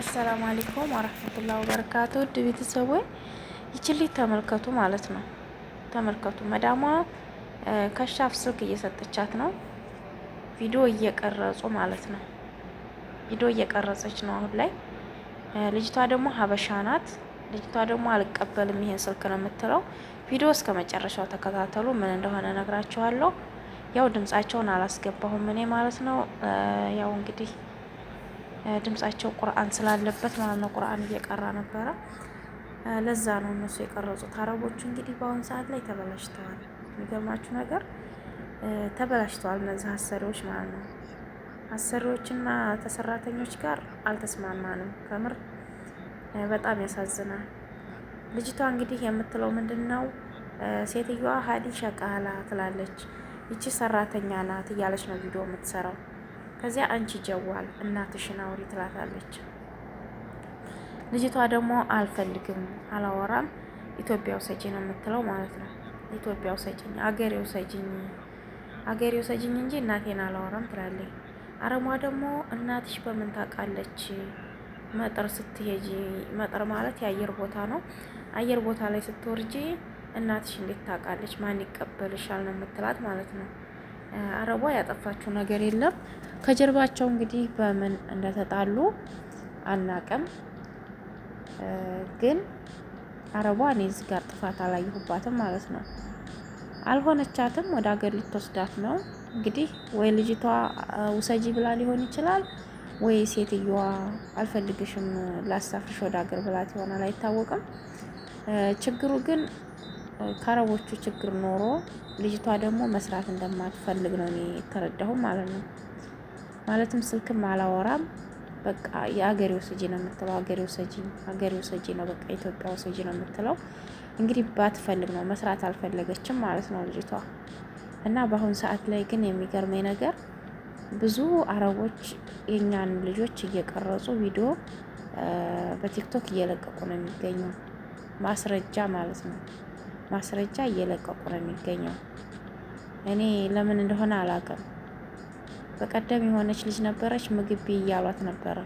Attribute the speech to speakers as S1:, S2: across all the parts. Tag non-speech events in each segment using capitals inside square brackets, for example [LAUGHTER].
S1: አሰላሙ አለይኩም ወራህመቱላሂ ወበረካቱ ውድ ቤተሰቦች ይችልኝ ተመልከቱ ማለት ነው። ተመልከቱ መዳሟ ከሻፍ ስልክ እየሰጠቻት ነው። ቪዲዮ እየቀረጹ ማለት ነው። ቪዲዮ እየቀረጸች ነው አሁን ላይ። ልጅቷ ደግሞ ሀበሻ ናት። ልጅቷ ደግሞ አልቀበልም ይሄን ስልክ ነው የምትለው። ቪዲዮ እስከ መጨረሻው ተከታተሉ። ምን እንደሆነ ነግራችኋለሁ። ያው ድምጻቸውን አላስገባሁም እኔ ማለት ነው። ያው እንግዲህ ድምጻቸው ቁርአን ስላለበት ማለት ነው። ቁርአን እየቀራ ነበረ። ለዛ ነው እነሱ የቀረጹት። አረቦቹ እንግዲህ በአሁኑ ሰዓት ላይ ተበላሽተዋል። የሚገርማችሁ ነገር ተበላሽተዋል። እነዚህ አሰሪዎች ማለት ነው። አሰሪዎችና ተሰራተኞች ጋር አልተስማማንም። ከምር በጣም ያሳዝናል። ልጅቷ እንግዲህ የምትለው ምንድን ነው? ሴትዮዋ ሀዲ ሸቃላ ትላለች፣ ይቺ ሰራተኛ ናት እያለች ነው ቪዲዮ የምትሰራው ከዚያ አንቺ ጀዋል እናትሽን አውሪ ትላታለች። ልጅቷ ደግሞ አልፈልግም፣ አላወራም፣ ኢትዮጵያ ውሰጂኝ ነው የምትለው ማለት ነው። ኢትዮጵያ ውሰጂኝ፣ አገሬ ውሰጂኝ፣ አገሬ ውሰጂኝ እንጂ እናቴን አላወራም ትላለች። አረሟ ደግሞ እናትሽ በምን ታውቃለች? መጠር ስትሄጂ፣ መጠር ማለት የአየር ቦታ ነው። አየር ቦታ ላይ ስትወርጂ እናትሽ እንዴት ታውቃለች? ማን ይቀበልሻል? ነው የምትላት ማለት ነው። አረቧ ያጠፋችው ነገር የለም። ከጀርባቸው እንግዲህ በምን እንደተጣሉ አናቅም፣ ግን አረቧ እኔ እዚህ ጋር ጥፋት አላየሁባትም ማለት ነው። አልሆነቻትም፣ ወደ ሀገር ልትወስዳት ነው እንግዲህ። ወይ ልጅቷ ውሰጂ ብላ ሊሆን ይችላል፣ ወይ ሴትዮዋ አልፈልግሽም ላሳፍርሽ ወደ ሀገር ብላት ይሆናል፣ አይታወቅም። ችግሩ ግን ከአረቦቹ ችግር ኖሮ ልጅቷ ደግሞ መስራት እንደማትፈልግ ነው እኔ የተረዳሁ ማለት ነው። ማለትም ስልክም አላወራም በቃ የአገሬው ውሰጂ ነው የምትለው። አገሬው ውሰጂ፣ አገሬው ውሰጂ ነው በቃ ኢትዮጵያ ውሰጂ ነው የምትለው። እንግዲህ ባትፈልግ ነው መስራት አልፈለገችም ማለት ነው ልጅቷ። እና በአሁኑ ሰዓት ላይ ግን የሚገርመኝ ነገር ብዙ አረቦች የእኛን ልጆች እየቀረጹ ቪዲዮ በቲክቶክ እየለቀቁ ነው የሚገኙ ማስረጃ ማለት ነው። ማስረጃ እየለቀቁ ነው የሚገኘው። እኔ ለምን እንደሆነ አላውቅም። በቀደም የሆነች ልጅ ነበረች፣ ምግቢ እያሏት ነበረ።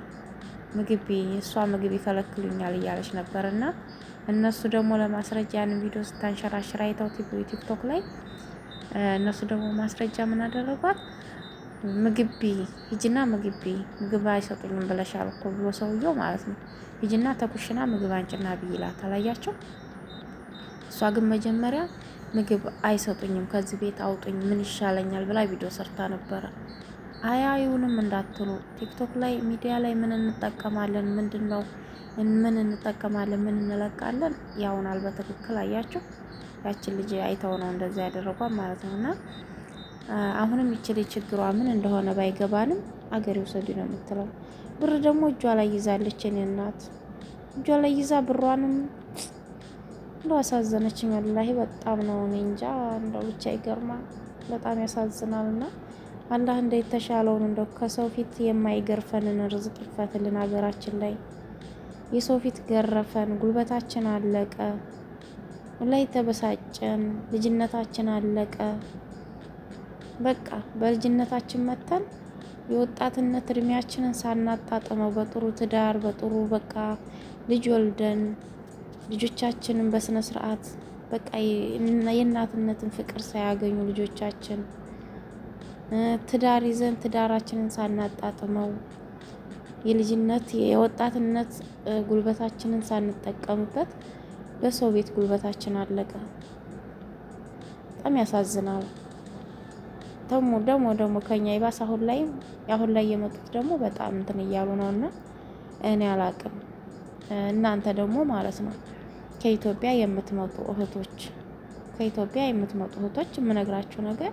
S1: ምግቢ እሷ ምግብ ይከለክሉኛል እያለች ነበር እና እነሱ ደግሞ ለማስረጃ ያን ቪዲዮ ስታንሸራሽራ አይተው ቲክቶክ ላይ እነሱ ደግሞ ማስረጃ ምን አደረጓት? ምግቢ ሂጅና ምግቢ ምግብ አይሰጡኝም ብለሻል እኮ ብሎ ሰውየው ማለት ነው ሂጅና ተኩሽና ምግብ አንጭና ብይላት አላያቸው እሷ ግን መጀመሪያ ምግብ አይሰጡኝም ከዚህ ቤት አውጡኝ፣ ምን ይሻለኛል ብላ ቪዲዮ ሰርታ ነበረ። አያዩንም እንዳትሉ ቲክቶክ ላይ ሚዲያ ላይ ምን እንጠቀማለን፣ ምንድን ነው ምን እንጠቀማለን፣ ምን እንለቃለን፣ ያውናል በትክክል አያችሁ። ያችን ልጅ አይተው ነው እንደዛ ያደረጓል ማለት ነው። እና አሁንም ይች ልጅ ችግሯ ምን እንደሆነ ባይገባንም አገር ይውሰዱ ነው የምትለው። ብር ደግሞ እጇ ላይ ይዛለች። እኔ እናት እጇ ላይ ይዛ ብሯንም እንደው አሳዘነችኝ ወላሂ በጣም ነው። እኔ እንጃ እንደው ብቻ ይገርማል፣ በጣም ያሳዝናል። እና አላህ እንደ የተሻለውን እንደው ከሰው ፊት የማይገርፈንን ርዝቅ ይክፈትልን ሀገራችን ላይ። የሰው ፊት ገረፈን፣ ጉልበታችን አለቀ፣ ወላሂ ተበሳጨን፣ ልጅነታችን አለቀ። በቃ በልጅነታችን መተን የወጣትነት እድሜያችንን ሳናጣጥመው በጥሩ ትዳር በጥሩ በቃ ልጅ ወልደን ልጆቻችንን በስነ ስርዓት በቃ የእናትነትን ፍቅር ሳያገኙ ልጆቻችን ትዳር ይዘን ትዳራችንን ሳናጣጥመው የልጅነት የወጣትነት ጉልበታችንን ሳንጠቀምበት በሰው ቤት ጉልበታችን አለቀ። በጣም ያሳዝናል። ተሞ ደግሞ ደግሞ ከኛ ይባስ አሁን ላይ አሁን ላይ የመጡት ደግሞ በጣም እንትን እያሉ ነው እና እኔ አላቅም እናንተ ደግሞ ማለት ነው ከኢትዮጵያ የምትመጡ እህቶች ከኢትዮጵያ የምትመጡ እህቶች የምነግራችሁ ነገር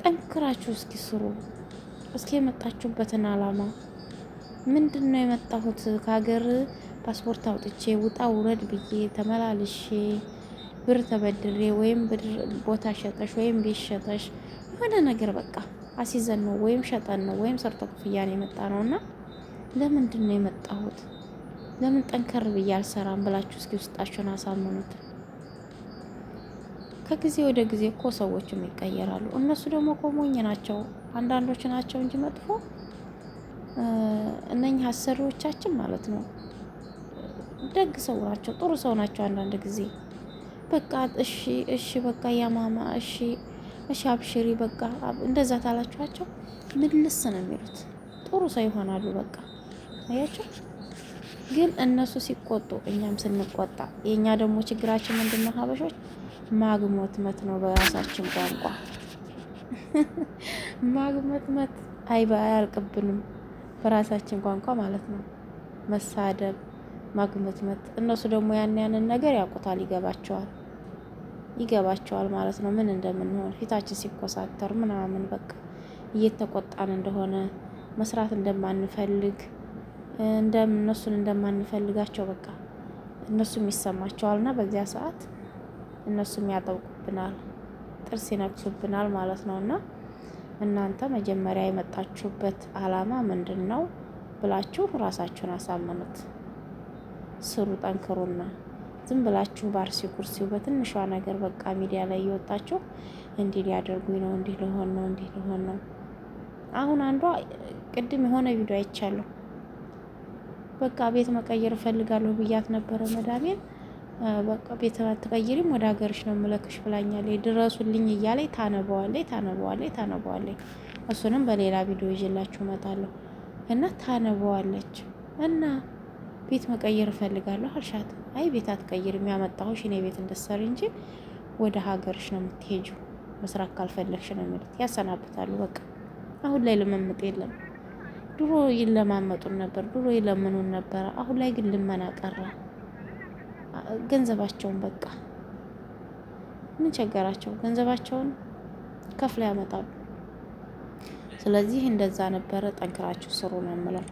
S1: ጠንክራችሁ እስኪ ስሩ። እስኪ የመጣችሁበትን አላማ ምንድን ነው? የመጣሁት ከሀገር ፓስፖርት አውጥቼ ውጣ ውረድ ብዬ ተመላልሼ ብር ተበድሬ ወይም ብር ቦታ ሸጠሽ ወይም ቤት ሸጠሽ የሆነ ነገር በቃ አሲዘን ነው ወይም ሸጠን ነው ወይም ሰርቶ ክፍያ ነው የመጣ ነው እና ለምንድን ነው የመጣሁት ለምን ጠንከር ብዬ አልሰራም ብላችሁ እስኪ ውስጣችሁን አሳምኑት። ከጊዜ ወደ ጊዜ እኮ ሰዎችም ይቀየራሉ። እነሱ ደግሞ እኮ ሞኝ ናቸው፣ አንዳንዶች ናቸው እንጂ መጥፎ እነኚህ አሰሪዎቻችን ማለት ነው። ደግ ሰው ናቸው፣ ጥሩ ሰው ናቸው። አንዳንድ ጊዜ በቃ እሺ፣ እሺ፣ በቃ ያማማ፣ እሺ፣ እሺ፣ አብሽሪ፣ በቃ እንደዛ ታላችኋቸው ምልስ ነው የሚሉት። ጥሩ ሰው ይሆናሉ። በቃ አያቸው ግን እነሱ ሲቆጡ እኛም ስንቆጣ፣ የእኛ ደግሞ ችግራችን ምንድነው? ሀበሾች መት ነው በራሳችን ቋንቋ [LAUGHS] ማግመትመት አይባ አያልቅብንም። በራሳችን ቋንቋ ማለት ነው መሳደብ፣ ማግመትመት። እነሱ ደግሞ ያን ያንን ነገር ያውቁታል፣ ይገባቸዋል ይገባቸዋል ማለት ነው ምን እንደምንሆን ፊታችን ሲኮሳተር ምናምን በቃ እየተቆጣን እንደሆነ መስራት እንደማንፈልግ እንደም እነሱን እንደማንፈልጋቸው በቃ እነሱም ይሰማቸዋልና በዚያ ሰዓት እነሱም ያጠብቁብናል፣ ጥርስ ይነክሱብናል ማለት ነው። እና እናንተ መጀመሪያ የመጣችሁበት አላማ ምንድን ነው ብላችሁ ራሳችሁን አሳምኑት። ስሩ፣ ጠንክሩና ዝም ብላችሁ ባርሲ ኩርሲው በትንሿ ነገር በቃ ሚዲያ ላይ እየወጣችሁ እንዲህ ሊያደርጉኝ ነው፣ እንዲህ ሊሆን ነው፣ እንዲህ ሊሆን ነው። አሁን አንዷ ቅድም የሆነ ቪዲዮ አይቻለሁ በቃ ቤት መቀየር እፈልጋለሁ ብያት ነበረ መዳሜን። በቃ ቤት አትቀይሪም ወደ ሀገርሽ ነው የምለክሽ ብላኛለች። ድረሱልኝ እያለኝ ታነበዋለች ታነበዋለች ታነበዋለች። እሱንም በሌላ ቪዲዮ ይዤላችሁ እመጣለሁ እና ታነበዋለች እና ቤት መቀየር እፈልጋለሁ አልሻት። አይ ቤት አትቀይሪም ያመጣሁሽ እኔ ቤት እንደሰር እንጂ ወደ ሀገርሽ ነው የምትሄጂው መስራት ካልፈለግሽ ነው የሚሉት። ያሰናብታሉ። በቃ አሁን ላይ ልምምጥ የለም። ድሮ ይለማመጡን ነበር፣ ድሮ ይለምኑን ነበረ። አሁን ላይ ግን ልመና ቀረ። ገንዘባቸውን በቃ ምን ቸገራቸው? ገንዘባቸውን ከፍለው ያመጣሉ። ስለዚህ እንደዛ ነበረ። ጠንክራችሁ ስሩ ነው የምለው።